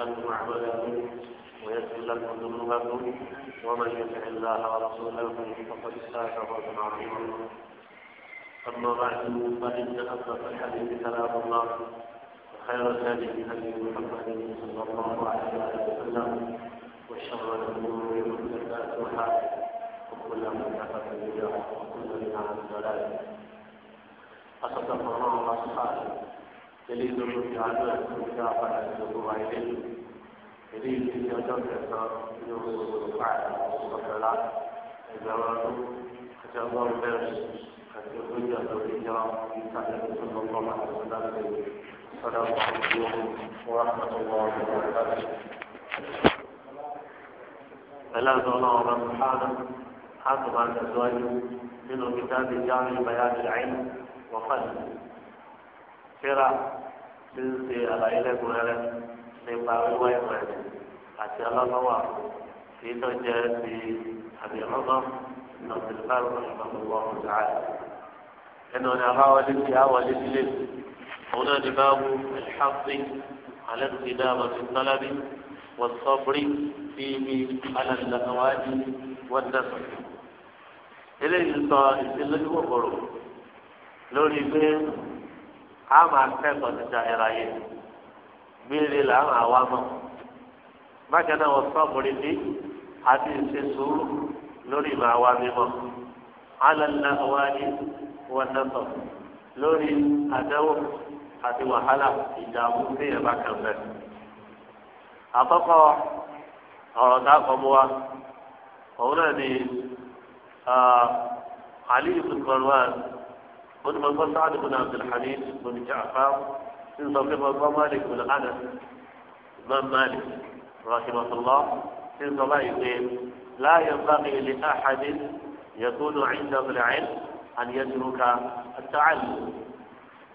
لكم أعمالكم ويغفر لكم ذنوبكم ومن يطع الله ورسوله فقد فاز فوزا عظيما أما بعد فإن أصدق الحديث كلام الله وخير الهدي هدي محمد صلى الله عليه وسلم وشر الأمور محدثاتها وكل محدثة بدعة وكل بدعة ضلالة أصدق الله أصحابه دليل الرجعة في عبادة الله عليه eléyìí ti di ọjọ́ kẹsàn-án ní oṣù káàdì ọ̀sọ̀kẹ́lá ẹgbẹ̀rún àti ọgọ́rùn bẹ́ẹ̀rẹ̀ àti ogójì ọ̀dọ́ ìjọ ìtàlẹ̀ ìṣòro kọ́mà àti ọ̀dàlẹ̀ sọ́dọ̀ ọ̀dọ́ wọ́n á tó wọ́n ọ̀dọ́ ọ̀dàlẹ̀. pẹ̀lú àti ọlọ́run ọba sùhánà á tó máa tẹ̀síwájú nínú kìtàbí jáàmì bayani àìní wọ́n fàlẹ̀. kíra ti ń ṣe àlàyé lẹ́kùnrin rẹ̀ nípa wíwá ìwẹ̀ àti ọlọ́lọ́wà kí tó jẹ́ ti àbíọ́lọ́ lọ́sibárò ìfọ̀lọ́wọ́ ọ̀gáàlì. ẹnu ní abáwọlé ti àwọlé sílé òun náà ní báwo alḥàfi alẹ́sìn náà wọ́n ti tọ́lábí wọ́n sọ́bírí fíìmì alàlùwájú wọ́n dẹ́sọ̀. eléyìí sọ ìsinlójúkòkòrò lórí pé a máa kẹ́kọ̀ọ́ ti da ẹ̀ráyé gbére làwọn àwa mọ̀ bákan náà wọ́n sọ́ọ̀bùrì bí àti ìṣe sùúrù lórí ìmọ̀ àwa mímọ́ alàlá wa ni wọ́n nẹ́tọ̀ lórí àdánwò àti wàhálà ìdààmú bí ẹ̀ bá kàn fẹ́. àkọ́kọ́ ọ̀rọ̀ tá a kọ́ mọ́ wa òun náà ni Ali ibn Marwan, ó ní mọ̀ fọ́ sáà ní ibn Abdulhamid ibn Ja'far ń sọ pé mo gbọ́ malik bin anas imam malik rahimahullah ń sọ báyìí pé láàyè bá mi lè àhàdé yẹtúnú ìjọba ẹ̀ àníyànjúruka àtàlù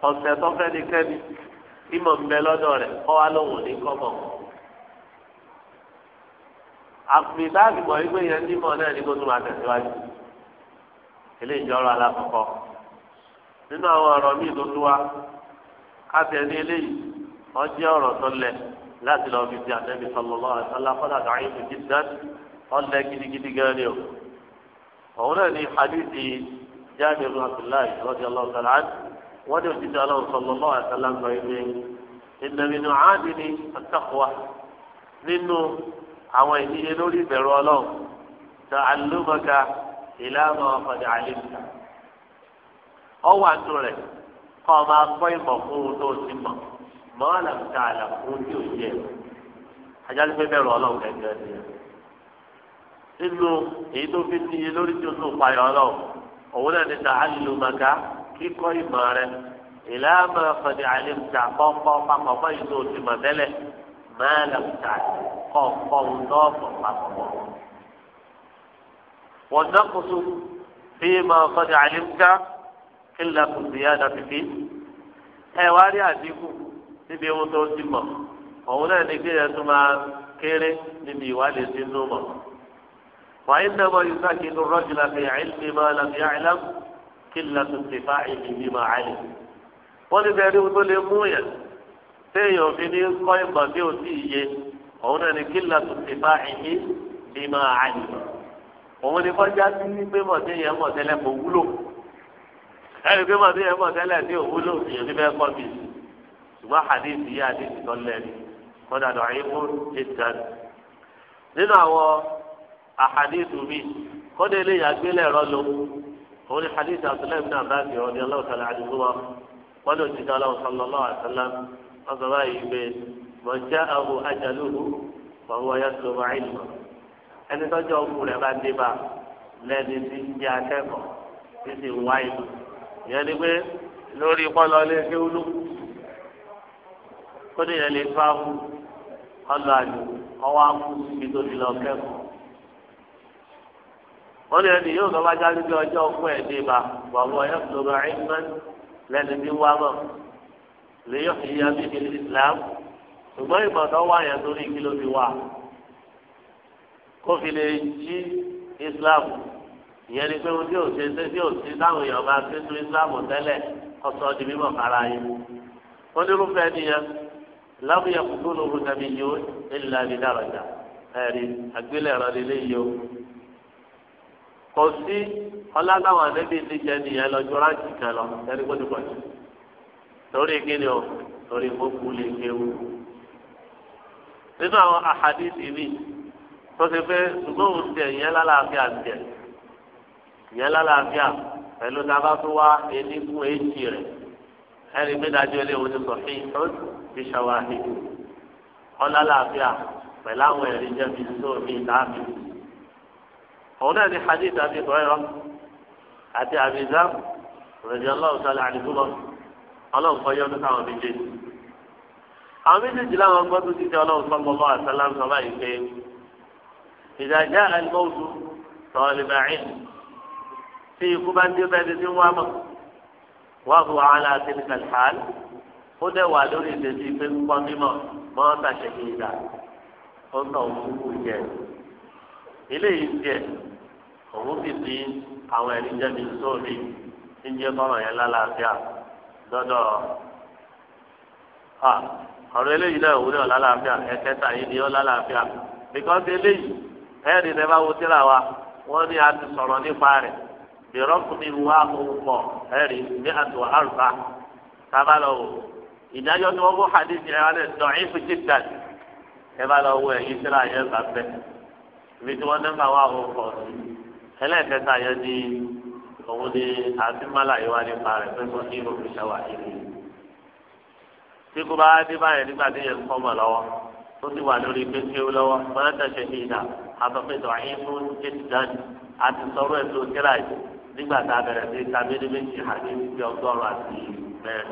ọ̀sẹ̀ tó fẹ́ ní kẹ́mi ìmọ̀ ń bẹ lọ́dọ̀ rẹ̀ kọ́ wa lóhùn ní kọ́mọ̀ àpè báàgì mọ̀ wípé yẹn nímọ̀ náà ní kó tún máa tẹ̀síwájú ilé ìjọra alákọ̀ọ́kọ́ nínú àwọn ọ̀rọ̀ míì tó tún wá káfíà ní eléyìí wọ́n jẹ́ ọ̀rọ̀ tó lẹ̀ láti lọ fi ti àtẹ́bí sọlọ́lọ́ àtàlà fọ́dà káyé fi ti dán ọ̀lẹ́ gidigidi gan ni o. òun náà ní hadithi jáde ibn abdullahi rọ́bì ọlọ́run sọ̀rọ̀ àti wọ́n ní òjijì ọlọ́run sọlọ́lọ́ àtàlà sọ ilé ìdàmínú àádì ní àtàkùwà nínú àwọn ìdíje lórí ìbẹ̀rù ọlọ́run ta àlùmọ̀ká ìlànà ọ̀fọ̀dà àlè kọ́ ọ máa kọ́ ìmọ̀ fún ohun tó ti mọ̀ mọ́ àlàkùtà àlàkù tí ò yẹ ajálù pé bẹ̀rù ọlọ́run gẹ́gẹ́ ni ẹ. nínú èyí tó fi níye lórí tí o tó payọ ọlọ́run òun náà ní sàálù màkà kíkọ́ ìmọ̀ rẹ ìlànà fẹ̀dí àlèkùtà kọ́kọ́ papọ̀ mọ́ èyí tó ti mọ̀ tẹ́lẹ̀ mọ́ àlàkùtà kọ́kọ́ ohun tó ọ̀pọ̀ papọ̀ wọ́n dọ́kùtù fíìmọ̀ fẹ̀dí àlèkùtà kílà kò sí yáda fífi ẹ wá rí àdínkù níbi ewu tó ti mọ̀ òun náà ní kéèyàn tó máa kéré níbi ìwádìí tí ń tó mọ̀. wàyí nàbọ̀ yìí sáàkì inú rọ́jùlá fi àìlè máa làbí àìlá kílà tó fa ìdí bí máa àìlè. wọ́n ní bẹ́ẹ̀ ríwu tó lè mú yẹn téèyàn fi ní kọ́ ìgbà bí ó sì yé òun náà ní kílà tó fa ìdí bí máa àìlè. òun ní kọjá sí ní pé mọ̀ ẹni pé mọ̀ sí ẹ mọ̀ tẹ́lẹ̀ ní òwúlò èyí bẹ́ẹ̀ kọ́ mi ṣùgbọ́n hadith yìí hadith tó lẹ́nu kọ́dà lọ ayé fún ìtàn. nínú àwọn ahadith mi kọ́dà ilé ìyàgbélẹ̀ ẹ̀rọ lò òun ni hadith àtúnlẹ̀ mi náà bá ti rọ̀ ní ọlọ́ọ̀tàlá àdúgbò wa wọ́n lò jíjá ọlọ́run sallallahu alaihi wasallam wọ́n sọ báyìí pé man jẹ́ akẹ́kọ̀ọ́ tí sì ń wá ìyẹn ni pé lórí pọ́lọ́ lé kéwúlú kó ní ìyẹn lè fa mú ọlọ́ àjò ọwọ́ amú ibi tó ti lọ kẹ́kọ̀ọ́. wọ́n ní ẹni yóò lọ́wọ́ ajá lójú ọjọ́ fún ẹ̀ ní ibà wàhùn ọ̀yọ́ lọ́wọ́ ẹ̀ńmẹ́ lẹ́ni bí wá mọ̀ lèyọ́ ìyá bíbí Islam ṣùgbọ́n ìmọ̀ wà yẹn torí kí ló fi wà kó fi lè jí Islam ìyẹn ni pé ohun tí ò ṣe ṣe tí ò sí táwọn èèyàn máa ṣe tó ìsìláàmù tẹ́lẹ̀ ọ̀sán di mímọ̀ kára yìí onírúfẹ́ nìyẹn lábúyẹ kúkú lóru tàbí yìí ó nílùú àbí dàrọ̀jà ẹ̀rí àgbélẹ̀rọ lílé yìí ó. kò sí ọlágbàwọn àdébí níjẹ nìyẹn lọ jọra jì kan lọ ẹni kó ti pọ̀jù torí kíni o torí kókú lè kéwu. nínú àwọn àhàdìsì mi tó ti pé ṣùgbọ́n òun tiẹ̀ yẹn lálàáfíà tiẹ̀ ìyẹn lálàáfíà pẹ̀lú tábà tó wá ẹni fún èjì rẹ̀ ẹni pé dájú ilé òun ti sọ fún ìtọ́jú fi ṣàwáhì ọ lálàáfíà pẹ̀lú àwọn ẹ̀rí jẹ́ fi tó mi láàmì. òun náà ní hadith àti ìtọ́yọ̀ àti àbíza rẹ̀dí ọlọ́run sọlẹ̀ àdìgúnlọ́ ọlọ́run kọ́ yọ́dún táwọn méjèèjì. àwọn méjèèjì láwọn gbọ́dọ̀ ti tẹ ọlọ́run sọ tí ikú bá dé bẹ́ẹ̀ ni tí wọ́n á mọ̀ wọ́n bu wàhálà àti nìkàlhàl ó dẹ̀ wà lórí ìdèjì pé kọ́ mímọ̀ mọ́ tàṣẹ kì í dà ó nà òun kú jẹ ilé yìí jẹ òun sì fi àwọn ẹni jẹbi sóòlì tí ń jẹ kọ́rọ̀ yẹn lálàáfíà dọ́dọ̀ ọ̀rọ̀ eléyìí náà òun náà lálàáfíà ẹ̀kẹta yìí ni ó lálàáfíà bíkọ́sì eléyìí ẹ̀ẹ́dì náà bá wo síra wa wọ́n ní a ti sọ̀rọ̀ nípa rẹ̀ ìrọ́kùnrin wa òwò ẹ̀rí ní àtò àrùbá tábàlọ́ wò ìdájọ́ tí wọ́n bó hadith yẹn wálé dọ̀ọ́yìn fún jìtà ẹ bá lọ wọ ẹ̀yìn síra yẹn bá fẹ́ ibi tí wọ́n dẹ́gbà wà òwò ẹlẹ́ẹ̀kẹta yẹn ní òun ni àbímọ́lá yìí wá nípa rẹ̀ pé kò ní òfin ṣàwà yìí tí kò bá dé báyẹn nígbà tí yẹn kọ́ mọ̀ lọ́wọ́ tó ti wà lórí péńkéwó lọ́wọ́ mọ́tà ìdá àtọ́fẹ́ dọ̀ọ́yìn fún àti sọ̀rọ̀ ẹ̀ tó nígbà tá a bẹ̀rẹ̀ sí kábíyèmí méjì àti ìdí ọgọ́rùn-ún àti mẹ́rin.